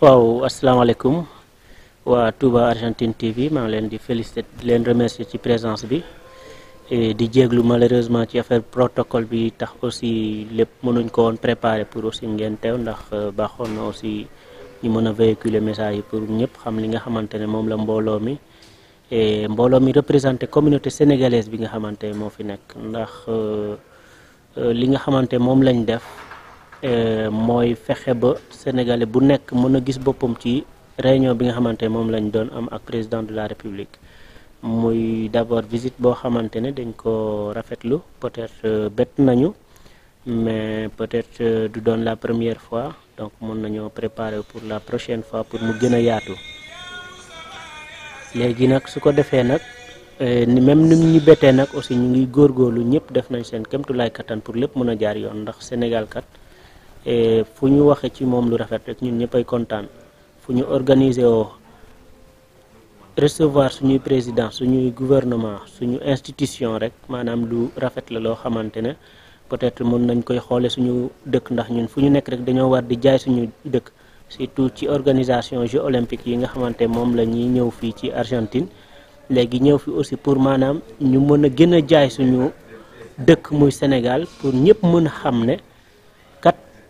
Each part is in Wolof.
waaw asalaamaaleykum waa Touba Argentine TV maa ngi leen di féliciter di leen remercier ci présence bi e di jéeglu malheureusement ci affaire protocole bi tax aussi lépp mënuñ ko woon préparer pour aussi ngeen teew ndax euh, baaxoon na aussi ñu mën a véhiculer message yi pour ñëpp xam li nga xamante ne moom la mbooloo mi e mbooloo mi représenté communauté sénégalaise bi nga xamante ne moo fi nekk ndax euh, euh, li nga xamante moom lañ def Euh, mooy fexe ba sénégalais bu nekk mën a gis boppam ci réunion bi nga xamante ne moom lañ doon am ak président de la république muy d'abord visite boo xamante ne dañ ko rafetlu peut-être euh, bett nañu mais peut-être euh, du doon la première fois donc mën nañoo préparer pour la prochaine fois pour mu gën a yaatu léegi nag su ko defee nag ni même ni ñu bettee nag aussi ñu ngi góorgóorlu ñëpp def nañ seen kémtulaay kattan pour lépp mën a jaar yoon ndax Sénégal Eh, fu ñu waxee ci moom lu rafet rek ñun ñëppay kontaan fu ñu organiser woo recevoir suñuy président suñuy gouvernement suñu institution rek maanaam lu rafet la loo xamante ne peut-être mun nañ koy xoole suñu dëkk ndax ñun fu ñu nekk rek dañoo war di jaay suñu dëkk surtout ci organisation Jeux olympiques yi nga xamante moom la ñuy ñëw fii ci Argentine léegi ñëw fii aussi pour maanaam ñu mën a gën a jaay suñu dëkk muy Sénégal pour ñëpp mën a xam ne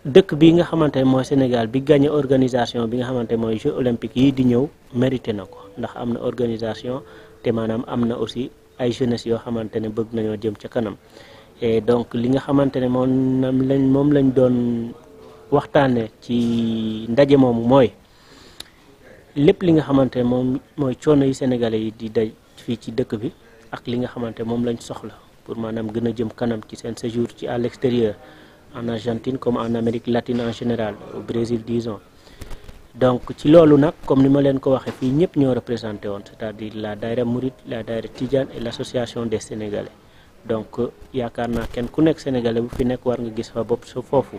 dëkk bi nga xamante mooy Sénégal bi gagné organisation bi nga xamante mooy Jeux olympiques yi di ñëw mérité na ko ndax am na organisation te maanaam am na aussi ay jeunesse yoo xamante ne bëgg nañoo jëm ca kanam donc li nga xamante ne moom lañ moom lañ doon waxtaane ci ndaje moomu mooy lépp li nga xamante moom mooy coono yi Sénégalais yi di daj fii ci dëkk bi ak li nga xamante moom lañ soxla pour maanaam gën a jëm kanam ci seen séjour ci à l'extérieur en Argentine comme en Amérique latine en général au Brésil disons donc ci loolu nag comme ni ma leen ko waxee fii ñëpp ñoo représenté woon c'est-à-dire la daïra Mouride la daïra Tidiane et l'association des Sénégalais donc yaakaar naa kenn ku nekk Sénégalais bu fi nekk war nga gis fa bopp sa foofu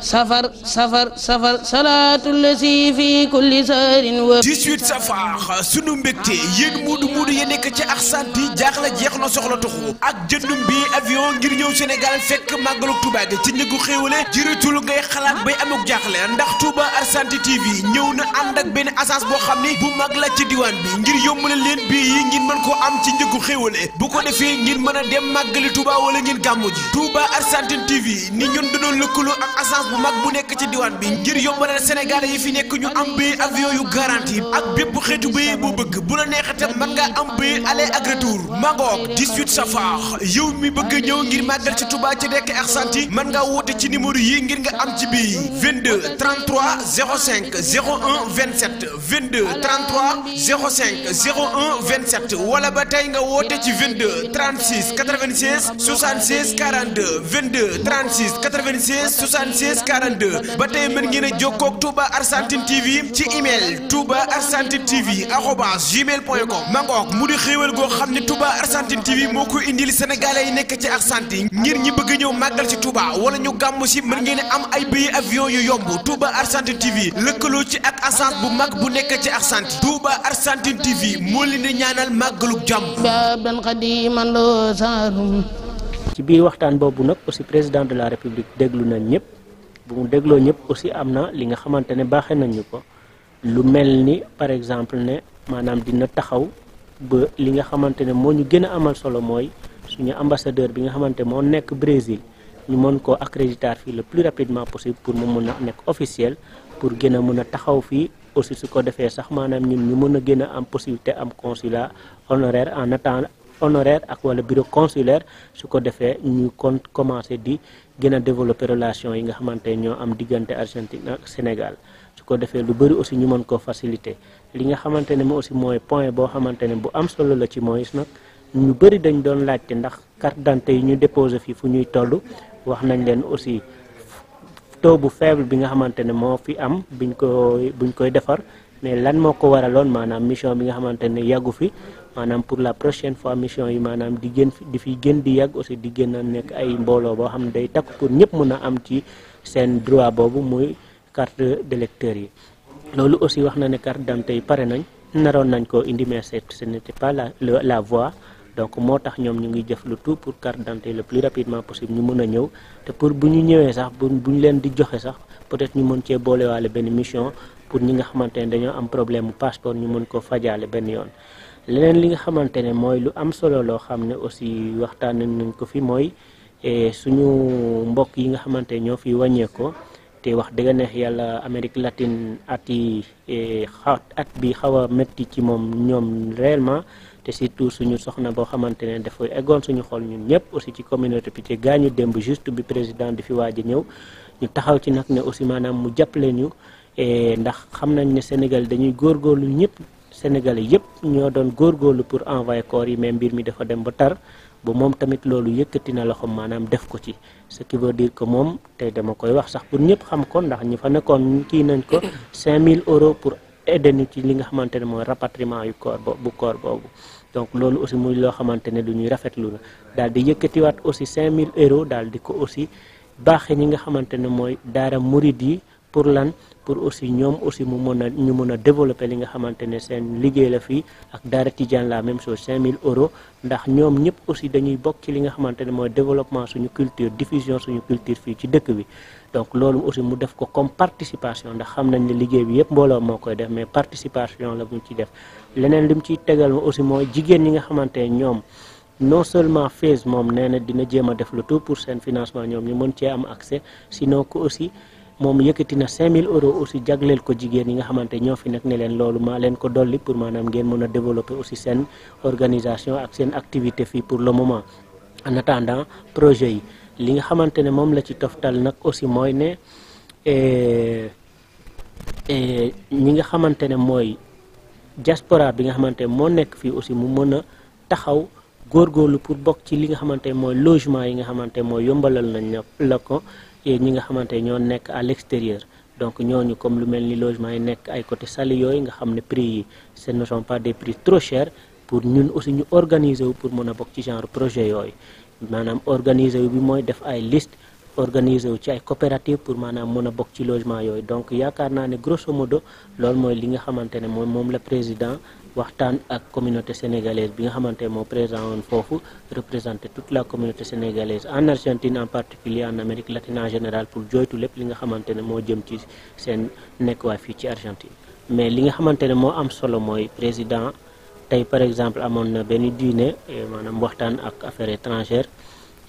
safar safar safar salaatu lasi fi kulli saarin wa 18 safar sunu mbégte yéen muudu muudu ya nekk ci Arsanti jaaxle jeex na soxla toxu ak jëndum bi avion ngir ñëw Sénégal fekk màggalu Touba gi ci njëgu xéwale jërëtul ngay xalaat bay amuk jaaxle ndax Touba Arsanti TV ñëw na ànd ak benn assas boo xam ni bu mag la ci diwaan bi ngir yombale leen bi yi ngir mën ko am ci njëgu xéwale bu ko defee ngir mën a dem màggali Touba wala ngeen gàmmu ji Touba Arsanti TV ni ñun dañoo lëkkaloo ak assas agence bu mag bu nekk ci diwaan bi ngir yombalal sénégalais yi fi nekk ñu am bay avion yu garantie ak bépp xeetu bay boo bëgg bu la neex itam mën ngaa am bay aller ak retour mangoog 18 safar yow mi bëgg a ñëw ngir màggal ci Touba ci dekk Argentine mën ngaa woote ci numéro yi ngir nga am ci bay 22 33 05 01 27 22 33 05 01 27 wala ba tey nga woote ci 22 36 96 76 42 22 36 96 76 16 ba tey mën ngeen a jokkoo ak Touba Argentine TV ci email Touba Argentine TV arobase gmail point com mu di xéewal goo xam ne Touba Argentine TV moo ko indi li sénégalais yi nekk ci Argentine ngir ñi bëgg ñëw màggal ci Touba wala ñu gàmm si mën ngeen a am ay billet avion yu yomb Touba Argentine TV lëkkaloo ci ak agence bu mag bu nekk ci Argentine Touba Argentine TV moo li di ñaanal màggalug jàmm. ci biir waxtaan boobu nag aussi président de la république déglu na ñëpp. bu mu dégloo ñëpp aussi am na li nga xamante ne baaxee nañu ko lu mel ni par exemple ne maanaam dina taxaw ba li nga xamante ne moo ñu gën a amal solo mooy suñu ambassadeur bi nga xamante moo nekk Brésil ñu mën ko accréditer fii le plus rapidement possible pour mu mun a nekk officiel pour gën a mën a taxaw fii aussi su ko defee sax maanaam ñun ñu mën a gën a am possibilité am consulat honoraire en attendant honoraire ak wala bureau consulaire su ko defee ñu kon commencé di gën a développer relation yi nga xamante ñoo am diggante Argentine ak Sénégal su ko defee lu bëri aussi ñu mën koo facilité li nga xamante ne aussi mooy point boo xamante ne bu am solo la ci mooy nag ñu bëri dañ doon laajte ndax carte d'identité yi ñu déposé fii fu ñuy toll wax nañ leen aussi taux bu faible bi nga xamante ne moo fi am biñ ko buñ koy defar mais lan moo ko waraloon maanaam mission bi nga xamante ne yàggu fi maanaam pour la prochaine fois mission yi maanaam di gën di fi gën di yàgg aussi di gën a nekk ay mbooloo boo xam ne day takk pour ñëpp mën a am ci seen droit boobu muy carte d'électeur yi loolu aussi wax na ne carte d'identité yi pare nañ naroon nañ ko indi mais ce n'était pas la la voie donc moo tax ñoom ñu ngi jëf lu tout pour carte d'identité le plus rapidement possible ñu mën a ñëw te pour bu ñu ñëwee sax bu bu ñu leen di joxe sax peut-être ñu mën cee boolewaale benn mission pour ñi nga xamante ne dañoo am problème mu passeport ñu mën ko fajaale benn yoon leneen li nga xamante ne mooy lu am solo loo xam ne aussi waxtaan nañ ko fi mooy eh, suñu mbokk yi nga xamante ne ñoo fi wàññeekoo te wax dëgg neex yàlla Amérique latin at yi eh, at bi xaw a métti ci moom ñoom réellement te surtout suñu soxna boo xamante ne dafa eggoon suñu xol ñun ñëpp aussi ci communauté bi te gaañu démb juste bi président di fi waaj ñëw ñu taxaw ci nag ne aussi maanaam mu jàppale ñu eh, ndax xam nañ ne Sénégal dañuy góorgóorlu ñëpp. sénégal yëpp ñoo doon góorgóorlu pour envoyé corps yi mais mbir mi dafa dem ba tar ba moom tamit loolu yëkkati na loxoom maanaam def ko ci ce qui veut dire que moom tey dama koy wax sax pour ñëpp xam ko ndax ñu fa nekkoon kii nañ ko mille euros pour aider ci li nga xamante ne mooy rapatriement yu corps bu corps boobu. donc loolu aussi muy loo xamante ne lu ñuy rafetlu na daal di yëkkatiwaat aussi 5000 euros daal di ko aussi baaxe ñi nga xamante ne mooy daara murid yi. pour lan pour aussi ñoom aussi mu mën a ñu mën a développer li nga xamante ne seen liggéey la fii ak daara Tijaan la même chose mille euro ndax ñoom ñëpp aussi dañuy bokk ci li nga xamante ne mooy développement suñu culture diffusion suñu culture fii ci dëkk bi. donc loolu aussi mu def ko comme participation ndax xam nañ ne liggéey bi yëpp mbooloo moo koy def mais participation la mu ci def leneen mu ciy tegal aussi mooy jigéen ñi nga xamante ne ñoom. non seulement phase moom nee na dina jéem a def lu tout pour seen financement ñoom ñu mën cee am accès sinon ko aussi moom yëkkati na 5000 euros aussi jagleel ko jigéen yi nga xamante ñoo fi nag ne leen loolu maa leen ko dolli pour maanaam ngeen mën a développer aussi seen organisation ak seen activité fii pour le moment en attendant projet yi li nga xamante ne moom la ci toftal nag aussi mooy ne eh, eh, ñi nga xamante ne mooy diaspora bi nga xamante ne moo nekk fii aussi mu mën a taxaw góor góorlu pour bokk ci li nga xamante ne mooy logement yi nga xamante ne mooy yombalal nañ la ko ñi nga xamante ne ñoo nekk à l'extérieur donc ñooñu comme lu mel ni logement yi nekk ay côté Saly yooyu nga xam ne prix yi ce ne son pas des prix trop chers pour ñun aussi ñu organiser wu pour mën a bokk ci genre projet yooyu maanaam organiser wu bi mooy def ay liste organiser wu ci ay coopérative pour maanaam mën a bokk ci logement yooyu donc yaakaar naa ne grosso modo loolu mooy li nga xamante ne moom moom la président waxtaan ak communauté sénégalaise bi nga xamante moo présent woon foofu représenté toute la communauté sénégalaise en Argentine en particulier en Amérique latine en général pour joytu lépp li nga xamante ne moo jëm ci seen nekk waay fii ci Argentine mais li nga xamante ne moo am solo mooy président tey par exemple amoon na benn diine eh, maanaam waxtaan ak affaire étrangères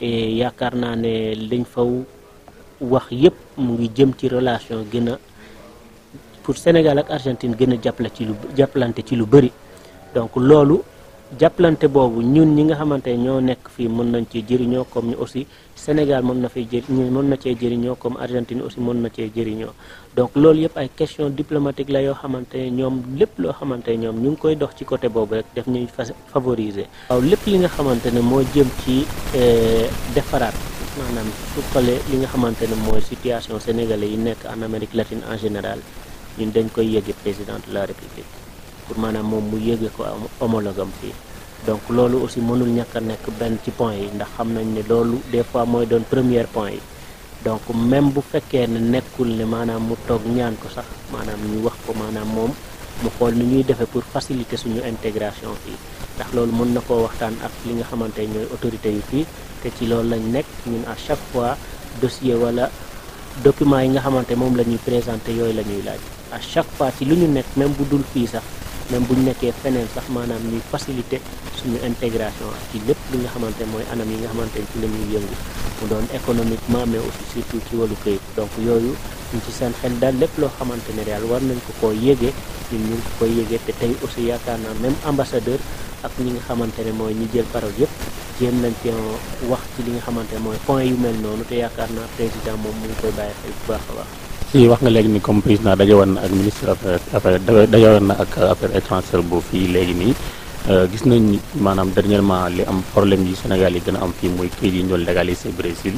e yaakaar naa ne liñ faw wax yépp mu ngi jëm ci relation gën pour Sénégal ak Argentine gën a jàppale ci lu jàppalante ci lu bëri donc loolu jàppalante boobu ñun ñi nga xamante ñoo nekk fii mën nañ cee jëriñoo comme ñu aussi Sénégal mën na fay jëri mën na cee jëriñoo comme Argentine aussi mën na cee jëriñoo donc loolu yëpp ay question diplomatique la yoo xamante ne ñoom lépp loo xamante ne ñoom ñu ngi koy dox ci côté boobu rek daf ñuy favoriser. waaw lépp li nga xamante ne moo jëm ci euh, defaraat maanaam suqale li nga xamante ne mooy situation sénégalais yi nekk en Amérique latine en général ñun dañ koy yëge président de la république pour maanaam moom mu yëge ko homologue am fii donc loolu aussi mënul ñàkk a nekk benn ci point yi ndax xam nañ ne loolu des fois mooy doon première point yi donc même bu fekkee ne nekkul ne maanaam mu toog ñaan ko sax maanaam ñuy wax ko maanaam moom mu xool ni ñuy defee pour faciliter suñu intégration fii ndax loolu mën na koo waxtaan ak li nga xamante ñooy autorités yi fii te ci loolu lañ nekk ñun à chaque fois dossier wala document yi nga xamante moom la ñuy présenté yooyu la ñuy laaj à chaque fois ci lu ñu nekk même bu dul fii sax même bu nekkee feneen sax maanaam ñuy faciliter suñu integration ak ci lépp li nga xamante mooy anam yi nga xamante ni ci la ñuy yëngu mu doon économiquement mais aussi surtout ci wàllu këyit donc yooyu ñu ci seen xel daal lépp loo xamante ne daal war nañ ko koo yëgee ñun ñu ngi ko koy te tey aussi yaakaar naa même ambassadeur ak ñi nga xamante ne mooy ñi jël parole yëpp jéem nañ ci wax ci li nga xamante ne mooy point yu mel noonu te yaakaar naa président moom mu ngi koy bàyyi xel bu baax a baax si wax nga léegi ni comme président dajewoon na ak ministre affaires affaires dajewoon na ak affaire étrangère bu fii léegi nii euh, gis nañ maanaam dernièrement li am problème yi Sénégal yi gën a am fii muy këyit yi ñu doon légaliser Brésil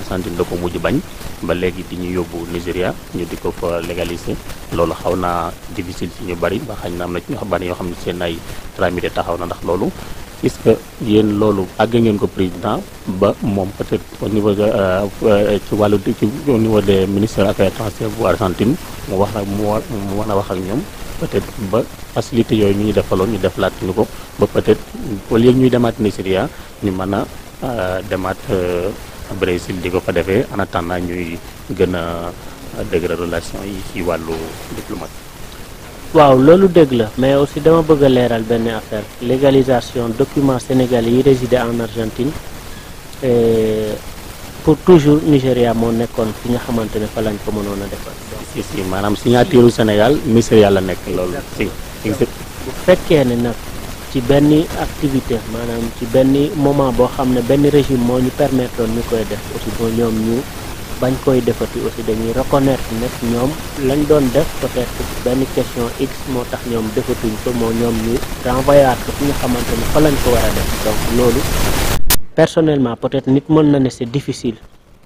Argentine da ko mujj bañ ba léegi di ñu yóbbu Nigéria ñu di ko fa légaliser loolu xaw naa difficile ci ñu bari ba xañ na am na ci ñu bari yoo xam ne seen ay tramité taxaw na ndax loolu est-ce que yéen loolu àgg ngeen ko président ba moom peut-être au niveau de euh, ci wàllu ci au niveau des ministères affaires étrangères bu Argentine mu wax ak mu war mu mën a wax ak ñoom peut ba facilité yooyu ñu ñu defaloon ñu def ñu ko ba peut-être au lieu ñuy demaat Nigeria ñu mën a euh, demaat euh, Brésil di ko fa defee en naa ñuy gën a dëgëral relation yi ci wàllu diplomatie. waaw loolu dëgg la mais aussi dama bëgg a leeral benn affaire légalisation document sénégal yi résidé en Argentine eh, pour toujours Nigéria moo nekkoon fi nga xamante ne fa lañ ko mënoon a defar. si si maanaam signature Sénégal Nigéria yàlla nekk loolu. si bu fekkee ne nag ci benn activité maanaam ci benn moment boo xam ne benn régime moo ñu permettre ñu koy def aussi ba ñoom ñu. bañ koy defati aussi dañuy reconnaître ne ñoom lañ doon def peut benn question x moo tax ñoom defatuñ ko moo ñoom ñu renvoyé waat ko fi nga xamante fa lañ ko war a def donc loolu personnellement peut-être nit mën na ne c'est difficile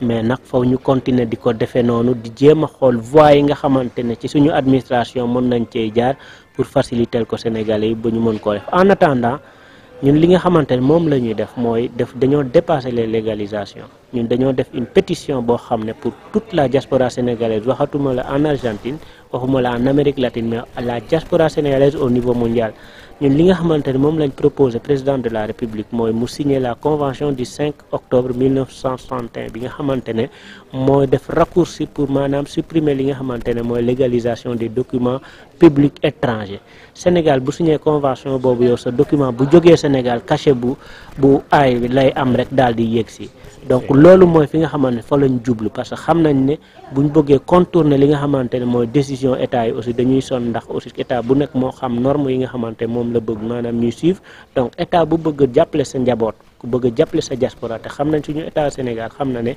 mais nag faw ñu continuer di ko defee noonu di jéem a xool voies yi nga xamante ne ci suñu administration mën nañ cee jaar pour faciliter ko Sénégalais yi ba ñu mën koo en attendant ñun li nga xamante ne moom la ñuy def mooy def dañoo dépasser les légalisations ñun dañoo def une pétition boo xam ne pour toute la diaspora sénégalaise waxatuma la en Argentine waxuma la en Amérique latine mais la diaspora sénégalaise au niveau mondial ñun li nga xamante ne moom lañ proposé président de la république mooy mu signer la convention du octobre bi nga xamante ne mooy def raccourci pour maanaam supprimer li nga xamante ne mooy légalisation des documents publics étrangers Sénégal bu signé convention boobu yow sa document bu jógee Sénégal cachet bu bu aay lay am rek daal di yegg si donc loolu mooy fi nga xamante ne fa lañ jublu parce que xam nañ ne buñ bëggee contourner li nga xamante ne mooy la bëgg maanaam ñuy suivre donc état bu bëgg jàppale sa njaboot ku bëgg jàppale sa diaspora te xam nañ suñu état Sénégal xam na ne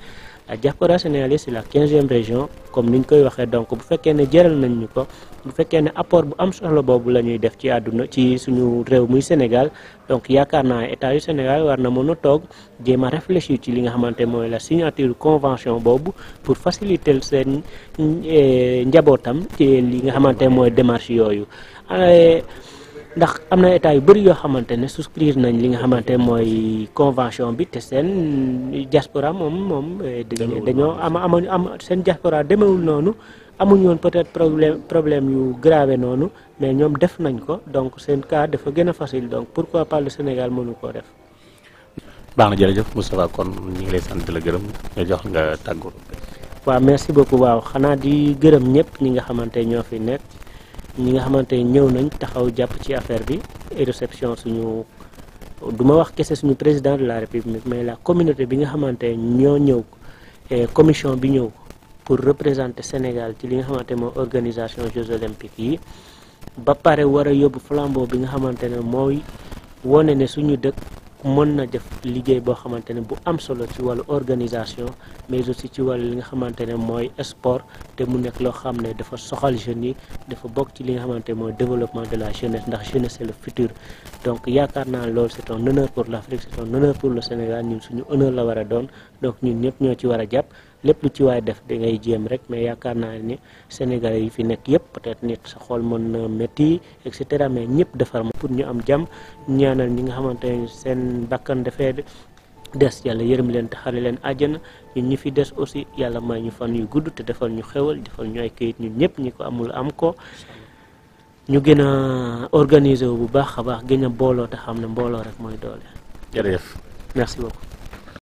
la diaspora sénégalaise c'est la quinzième région comme niñ koy waxee donc bu fekkee ne jëral nañ ñu ko bu fekkee ne apport bu am solo boobu la ñuy def ci àdduna ci suñu réew muy Sénégal donc yaakaar naa état yu Sénégal war na mën a toog jéem a réfléchir ci li nga xamante mooy la signature convention boobu pour faciliter seen eh, njabootam ci li nga xamante mooy démarche yooyu eh, ndax am na état yu bëri yoo xamante ne souscrire nañ li nga xamante mooy convention bi te seen diaspora moom moom eh, dañoo ama amañu am seen diaspora demewul noonu amuñu woon peut-être problème problème yu grave noonu mais ñoom def nañ ko donc seen cas dafa gën a facile donc pourquoi pas le Sénégal mënu koo def baax na jërëjëf Moustapha kon ñu ngi lay sant la gërëm nga jox nga tàggoo waaw merci beaucoup waaw xanaa di gërëm ñëpp ñi nga xamante ñoo fi nekk ñi nga xamante ñëw nañ taxaw jàpp ci affaire bi réception suñu du ma wax kese suñu président de la république mais la communauté bi nga xamante ñoo ñëw commission bi ñëw pour représenter Sénégal ci li nga xamante moo organisation Jeux olympiques yi ba pare war a yóbbu flambeau bi nga xamante ne mooy wone ne suñu dëkk mën na def liggéey boo xamante ne bu am solo ci wàllu organisation mais aussi ci wàllu li nga xamante ne mooy sport te mu nekk loo xam ne dafa soxal jeunes yi dafa bokk ci li nga xamante ne mooy développement de la jeunesse ndax jeunesse c'est le donc yaakaar naa lool c'est un honneur pour l'Afrique c'est un honneur pour le Sénégal ñun suñu honneur la war a doon donc ñun ñëpp ñoo ci war a jàpp lépp lu ci waaye def da ngay jéem rek mais yaakaar naa ni Sénégalais yi fi nekk yëpp peut-être nit sa xool mën na métti et cetera mais ñëpp defar ma pour ñu am jàmm ñaanal ñi nga xamante ne seen bakkan dafee des yàlla yërëm leen te xare leen àjjana ñun ñi fi des aussi yàlla may ñu fan yu gudd te defal ñu xewal defal ñu ay kayit ñu ñëpp ñi ko amul am ko ñu gën a organiser wu bu baax a baax gën mbooloo te xam ne mbooloo rek mooy doole. jërëjëf merci beaucoup.